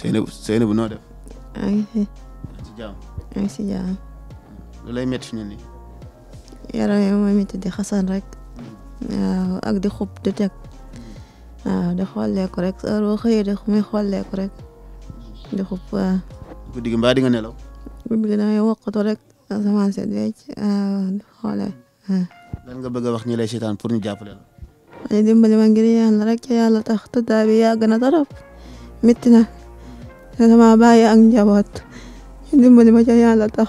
Seynab Seynab noo def. maa ngi fi. maa ngi si jàmm. maa ngi si jàmm. lu lay métti fi ñu nii. yaram yi mooy métti di xasan rek. waaw ak di xub di teg. waaw di xolleeku rek heure boo xëyee di muy xolleeku rek. di xub waaw. guddi gi mbaa di nga nelaw. guddi gi damay wokkatu rek asamaan si denc di xoolee. lan nga bëgg a wax ñi lay seetaan pour ñu jàppale la. dimbali ma ngir yàlla rek ca yàlla tax tëddaa bi yàgg na trop métti na. te dama bàyyi ak njaboot ñu dimbali yàlla tax.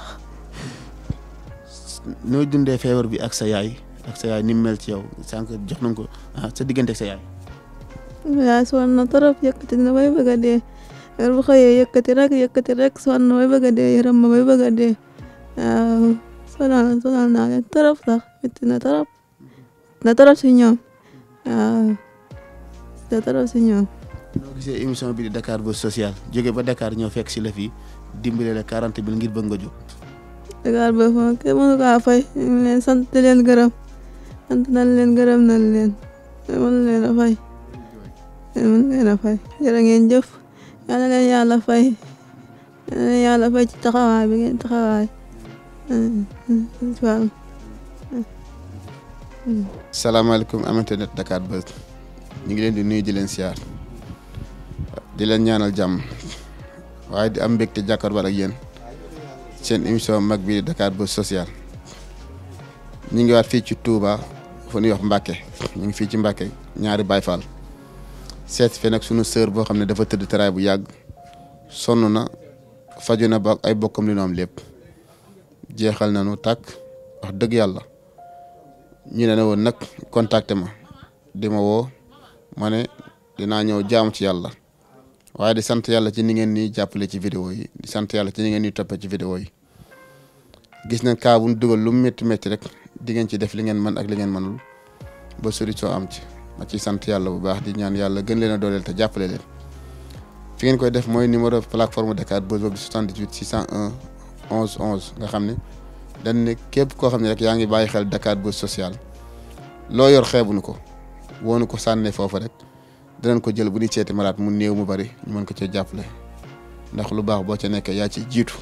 noo dundee feebar bi ak sa yaay ak sa yaay ni mu mel ci yow sànq jox nañ ko ah, sa diggante ak sa yaay. yaay sonn na trop yëkkati na bay bëgg a dee heure bu xëyee yëkkati rek bëgg dee yërëm ma bëgg a dee waaw sonal si ñoom waaw na noo gisee émission bi di Dakar Buzz Social joge ba Dakar ñoo fekk si la fii dimbale la quarante mille ngir bëgg nga jóg. Dakar Buzz fay ñu ngi leen sant leen gërëm sant nañ leen a fay mënu leen a fay jërë ngeen jëf yal na leen yàlla fay yal na leen yàlla fay ci taxawaay bi ngeen taxawaay. salaamaaleykum amatenet Dakar Buzz ñu ngi leen di nuyu di leen siyaar. di leen ñaanal jàmm waaye di am mbégte jàkkaarloo ak yéen seen émission mag bi Dakar Buzz Social ñu ngi waat fii ci Touba fu ñuy wax Mbacke ñu ngi fii ci Mbacke ñaari baay Fall seet fee nag sunu sœur boo xam ne dafa tëdd teraay bu yàgg sonn na faju na ba ay bokkam li noom lépp jeexal nañu tàkk wax dëgg yàlla ñu ne ne woon nag contacté ma di ma woo ma ne dinaa ñëw jaamu ci yàlla waaye di sant yàlla ci ningeen nii ni jàppale ci vidéo yi di sant yàlla ci ni ngeen ni toppee ci vidéo yi gis nañ kaa dugal lu métti métti rek di ngeen ci def li ngeen mën ak li ngeen mënul ba solution am ci ma ciy sant yàlla bu baax di ñaan yàlla gën leen a dooleel te jàppale leen fi ngeen koy def mooy numéro plateforme Dakar Buzz boobu di 78 601 11 11 nga xam ne dañ ne képp koo xam ne rek yaa ngi bàyyi xel Dakar Buzz sociale loo yor xeebuñu ko woonu ko sànnee foofu rek danañ ko jël bu ñuy seeti malaat mu néew mu bari ñu mën ko cee jàppale ndax lu baax boo ca nekkee yaa ci jiitu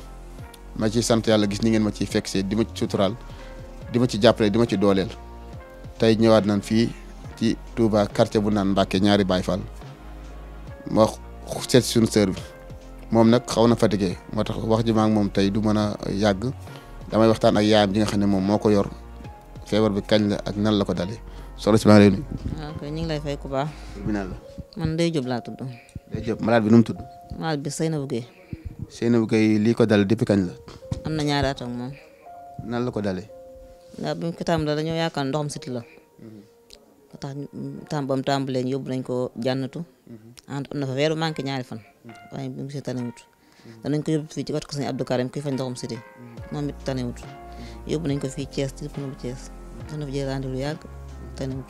ma ci sant yàlla gis ni ngeen ma ciy fekk see di ma ci suturaal di ma ci jàppale di ma ci dooleel tey ñëwaat nañ fii ci tuubaa quartier bu naan Mbàkke ñaari Baay Faal ma seet suñu sœur bi moom nag xaw na fatigué moo tax wax ji ma moom tey du mën a yàgg damay waxtaan ak yaayam ji nga xam ne moom moo ko yor feebar bi kañ la ak nan la ko dale solo si maa ngi lay nuyu. Ah, ñu ngi lay fay ku baax. tribunal la. man Ndeye Diop laa tudd. Ndeye bi nu mu tudd. malade bi Seynabou Gueye. Seynabou Gueye lii ko dal depuis kañ la. am na ñaari at moom. nan la ko dalee. ndax bi ko tàmbalee dañoo yaakaar ndoxam siti la. Mm-hmm. ba tax tàmbam tàmbalee ñu yóbbu nañ ko jànnatu. Mm-hmm. am na fa weeru manqué ñaari fan. Mm-hmm. waaye bu ñu gisee tanewut. danañ ko yóbbu fii ci wat ko nañ ko fii Thiès ci dëkk bu Thiès. dana fa jël rendez tënut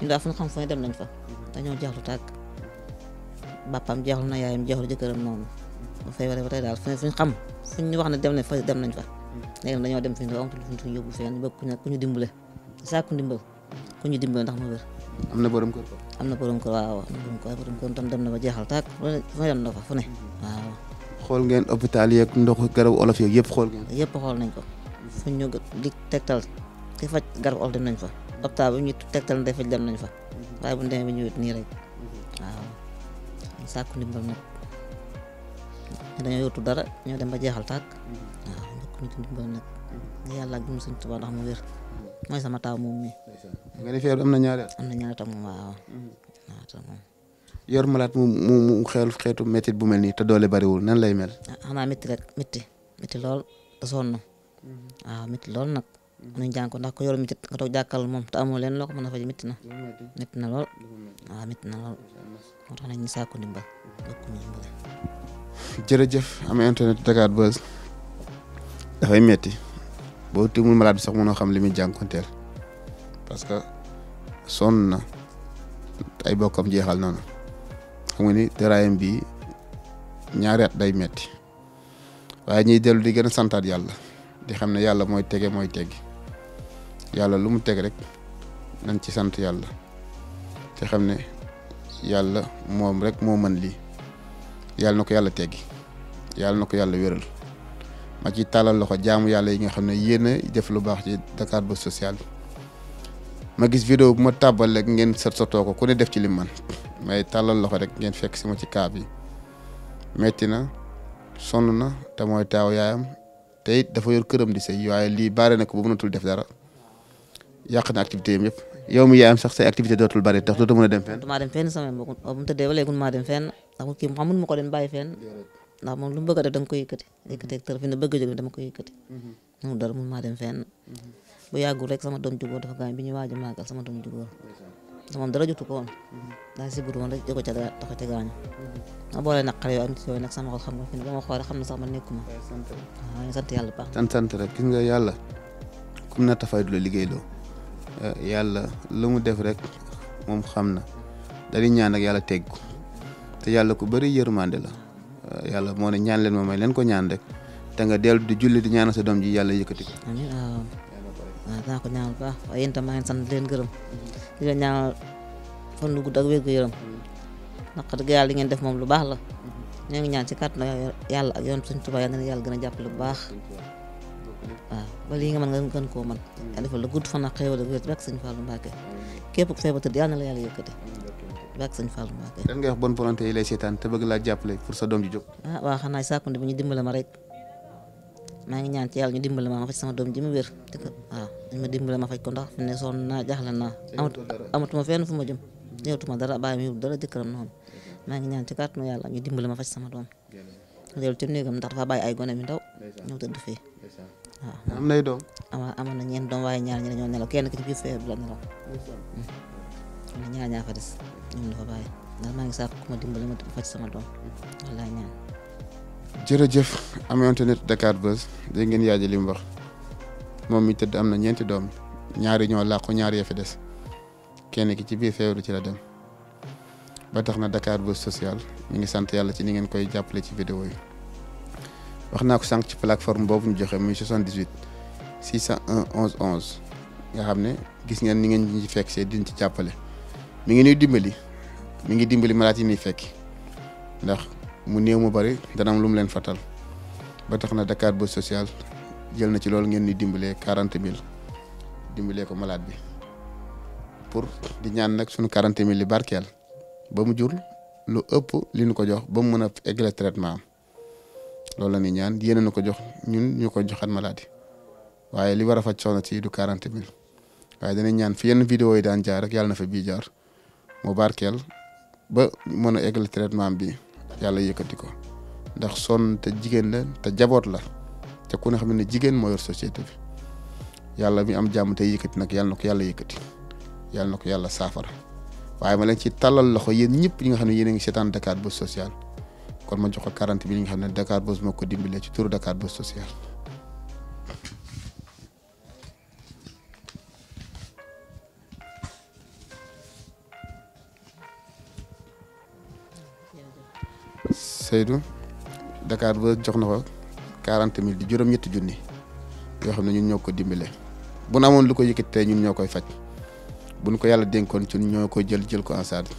ñun daal fu ñu xam fu ne dem nañ fa dañoo jeexlu tàkk bàppam jeexlu na yaayam jeexlu jëkkëram noonu ba feebaree ba tey daal fu ne fu ñu xam fu ñu wax ne dem nañ fa dem nañ fa léegi dañoo dem fi ñu amatul fu ñu yóbbu fenn bëgg ku ñu ñu dimbale saaku ndimbal ku ñu ndax ma am na borom kër am na borom kër waaw am na tam dem na ba jeexal tàkk fu ne dem na fa fu ne waaw xool ngeen hôpital yeeg ndoxu garabu olof yeeg yëpp xool ngeen yëpp xool nañ ko fu ñu di tegtal ki faj garabu olof dem nañ fa lopitaan bi ñu tegtal na defee dem nañ fa waaye bu ñu demee ba ñëwit nii rek waaw sàkku ndimbal dem ba jeexal tàkk waaw mbokk mi ndimbal mooy sama taw moom mi na ñaari am na mm-hmm. yor malaat mu mu xeel xeetu métti bu mel nii te doole bariwul nan lay mel ah xanaa métti rek métti métti lool te sonn mm-hmm. waaw métti lool nag nañ jàng ko ndax ko yor nga toog jàkkal moom te amoo leen loo ko a faj métti na métti na lool waaw métti na lool moo tax nañ ñu sàkku am internet Dakar Buzz dafay metti boo timul malade bi sax mënoo xam li muy jànkonteel parce que sonn na ay bokkam jeexal noonu xam nga ni teraayam bi ñaari at day metti waaye ñuy dellu di gën a santaat yàlla di xam ne yàlla mooy tege mooy teggi yàlla lu mu teg rek nañ ci sant yàlla te xam ne yàlla moom rek moo man lii yàlla na ko yàlla teggi yàlla na ko yàlla wéral ma ci tàllal loxo jaamu yàlla yi nga xam ne yéen a def lu baax ci Dakar Buzz Social ma gis vidéo bu ma taabal rek ngeen sot sotoo ko ku ne def ci lim man may tàllal loxo rek ngeen fekk si ma ci kaab yi metti na sonn na te mooy taaw yaayam te it dafa yor këram di sëy waaye lii baare na ko ba mënatul def dara yàq na activité yam yëpp yow sax say activité dootul bari tax dootoo mën a dem fenn sama mbokk bu mu tëddee ba léegi dem fenn ndax kii mu ko den bàyyi fenn ndax moom lu mu mhm. dem fenn bu yàggul rek sama doom ju góor gaañ bi waaj a màggal sama doom ju góor moom dara jotu ko woon daa si bur ko ca taxa ca gaañu mhm. ma boole nag xale yooyu ak sama xol xam nga fi ne ba ma xoolee xam na sax ma ne waaw sant yàlla baax sant sant rek gis nga yàlla kum na tafay du la liggéey loo yàlla la mu def rek moom xam na dañuy ñaan rek yàlla teg ko te yàlla ku bëri yërmande la euh, yàlla moo ne ñaan leen ma may leen ko ñaan rek te nga dellu di julli di ñaanal sa doom ji yàlla yëkkati ko. amiin waaw dinaa ko ñaanal leen gërëm di leen ñaanal fan lu gudd ak wér def moom lu baax la ñoo ngi ñaan ci kàttan yàlla yoon sa tubaab yàlla na yàlla gën a jàppale bu baax. ba lii nga mën nga gën koo mën yàlla defal la gudd fan ak xéewal ak wér bak sëñ Fallou Mbacké képp ku feebar tëdd yàlla na la yàlla yëkkati bak sëñ Fallou Mbacké lan ngay wax bonne volonté yi lay seetaan te bëgg laa jàppale pour sa doom ji jóg ah waaw xanaa sàkkunde bi ñu dimbale ma rek maa ngi ñaan ci yàlla ñu dimbale ma ma faj sama doom ji mu wér te ko waaw dañ ma dimbale ma faj ko ndax fi ne sonn naa jaaxle naa amatuma fenn fu ma jëm ñëwatuma dara bàyyi mu yóbbu dara jëkkëram noonu maa ngi ñaan ci kàttanu yàlla ñu dimbale ma faj sama doom loolu ci néegam ndax dafa bàyyi ay gone mi ndaw ñëw tëdd fii waaw ah, am nay doom. ama amoon na ñeent doom waaye ñaar ñi dañoo nelaw kenn ki ci biir feer bi la nelaw. Mm. am na ñaar ñaa fa des ñoom la fa bàyyi ndax maa ngi saako ku ma dimbali ma faj sama doom wallaahi ñaan. jërëjëf am internet Dakar Buzz dégg ngeen yaay ji li mu wax moom mi tëdd am na ñeenti doom ñaari ñoo làqu ñaari ya fi des kenn ki ci biir feebaru ci la dem ba tax na Dakar Buzz social mi ngi sant yàlla ci ni ngeen koy jàppale ci vidéo yi. wax naa ko sànq ci plateforme boobu ñu joxe muy 78 un 11 11 nga xam ne gis ngeen ni ngeen ñu ci fekk see diñ ci jàppale mi ngi nuy dimbali mu ngi dimbali malaat yi ni fekk ndax mu néew mu bari dana am lu leen fatal ba tax na Dakar Buzz sociale jël na ci loolu ngeen di dimbalee quarante mille dimbalee ko malade bi pour di ñaan nag sunu quarante mille li barkeel ba mu jur lu ëpp li ñu ko jox ba mu mën a eggale traitement am loolu la ñuy ñaan yéene na ko jox ñun ñu ko joxaan malaati waaye li war a faj soxna si du quarante mille waaye danañ ñaan fi yenn vidéo yi daan jaar rek yàlla na fa bii jaar mu barkeel ba mën a eggal traitement bi yàlla yëkkati ko ndax sonn te jigéen la te jaboot la te ku ne xam ne jigéen moo yor société bi yàlla mi am jàmm te yëkkati nag yàlla na ko yàlla yëkkati yàlla na ko yàlla saafara waaye ma leen ci tàllal loxo yéen ñëpp ñi nga xam ne yéen a ngi seetaan Dakar Buzz Social kon ma jox ko quarante mille nga xam ne Dakar Buzz moo ko dimbalee ci turu Dakar Buzz social. Dakar jox na ko quarante mille di juróom-ñetti junni yoo xam ne ñun ñoo ko dimbalee bu nu amoon lu ko yëkkati tey ñun ñoo koy faj buñ ko yàlla dénkoon ci ñoo koy jël jël ko en charge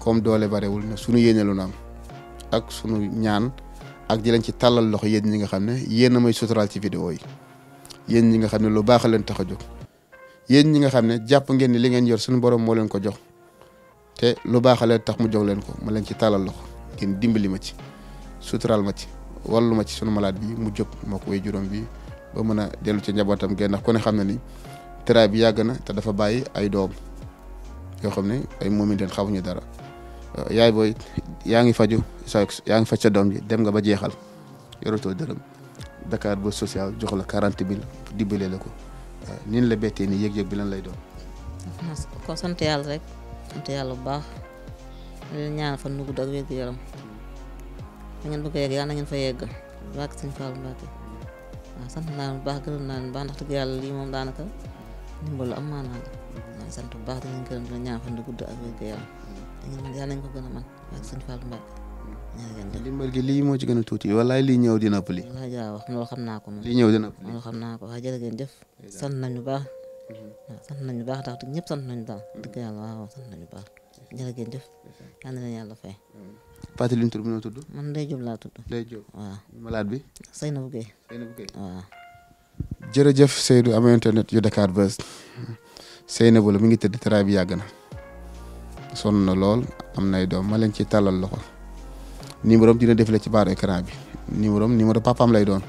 comme doole barewul na suñu yéene lu na am. ak sunu ñaan ak di ci tàllal loxo yéen ñi nga xam ne yéen a may suturaal ci vidéo yi yéen ñi nga xam ne lu baax leen tax a jóg yéen ñi nga xam ne jàpp ngeen ni li ngeen yor suñu borom moo leen ko jox te lu baax tax mu jox leen ko ma leen ci tàllal loxo ngeen dimbali ma ci suturaal ma ci wallu ma ci sunu malaat bi mu jóg moo ko juróom bi ba mën a dellu ci njabootam ngeen ndax ku ne xam ne ni tëraay bi yàgg na te dafa bàyyi ay doom yoo xam ne ay moomi itam xamuñu dara Euh, yaay booy yaa ngi faju sa yaa ngi faj sa doom ji dem nga ba jeexal yoratoo dërëm Dakar Buzz social jox la quarante mille dimbale la ko euh, nin la bettee nii yëg-yëg bi lan lay doon. kon sant yàlla rek sant yàlla bu baax di ñaan fan nu gudd ak wér yaram da ngeen bëgg a yàlla na fa yegg baax sëñ Fallou Mbacké waaw sant naa bu baax gërëm naa ndax dëgg yàlla lii moom daanaka ndimbalu am maanaa sant bu baax dinañ gërëm dina ñaan fan nu ak wér gu ñun yàlla nañ ko gën a man ak sëñ Fallou Mbacke ndimbal gi lii moo ci gën a tuuti walaay lii ñëw dina ëpp lii waaw jaa wax loolu xam naa ko moom lii ñëw dina ëpp lii xam naa ko waaw jërë ngeen jëf sant nañu baax mhm. waaw sant nañu baax ndax ñëpp sant nañu daal mhm. dëgg yàlla waaw sant nañu baax jërë ngeen jëf yal na leen yàlla fay mhm. Faty Lune tur bi noo tudd man Ndeye Diop laa tudd Ndeye Diop waaw malade bi Seynabou Gueye Seynabou Gueye waaw jërëjëf Seydou am internet yu Dakar Buzz Seynabou la mi ngi tëdd tëraay bi yàgg na sonn na lool am nay doom ma leen ci tàllal loxo numéro am dina défilé ci baaru écran bi numéro am numéro papaam lay doon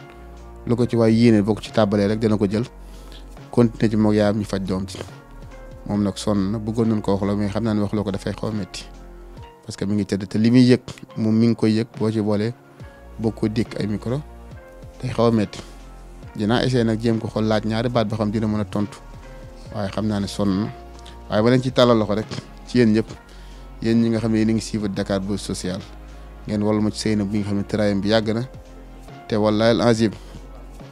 lu ko ci waay yéene bokk ci tàbbalee rek dana ko jël continuer ci moog yaayam ñu faj doom ci moom nag sonn na bëggoon nañ ko wax la mais xam naa ne wax loo ko dafay xaw metti parce que mi ngi tëdd te li muy yëg moom mi ngi koy yëg boo ci boolee boo ko dékk ay micro day xaw a metti dinaa essayé nag jéem ko xool laaj ñaari baat ba xam dina mën a tontu waaye xam naa ne sonn na waaye ba leen ci tàllal loxo rek. ci yéen ñëpp yéen ñi nga xam ne yéen a ngi suivre Dakar social ngeen wal ma ci sëy bi nga xam ne tëraayam bi yàgg na te wallaay al azim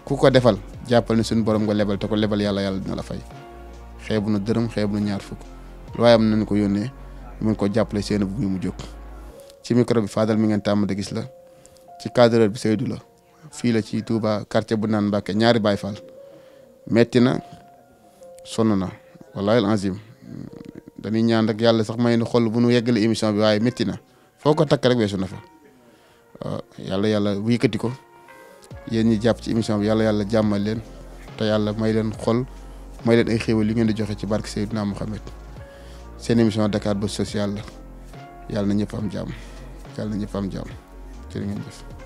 ku ko defal jàppale ne suñu borom nga lebal te ko lebal yàlla yàlla dina la fay xeebu na dërëm xeebu na ñaar fukk waaye am nañ ko yónnee mën ko jàppale seen bu mu jóg ci micro bi Fadal mi ngeen tàmm di gis la ci cadreur bi Seydou la fii la ci Touba quartier bu naan Mbàkke ñaari Baay Faal metti na sonn na wallaay al azim dañuy ñaan rek yàlla sax may nu xol bu nu yeggale émission bi waaye métti na foo ko takk rek weesu na fa yàlla yàlla yëkkati ko yéen ñi jàpp ci émission bi yàlla yàlla jàmmal leen te yàlla may leen xol may leen ay xéewal yu ngeen di joxe ci barke Seydina Mohamed seen émission Dakar Buzz Social yàlla na ñëpp am jàmm yàlla na ñëpp am jàmm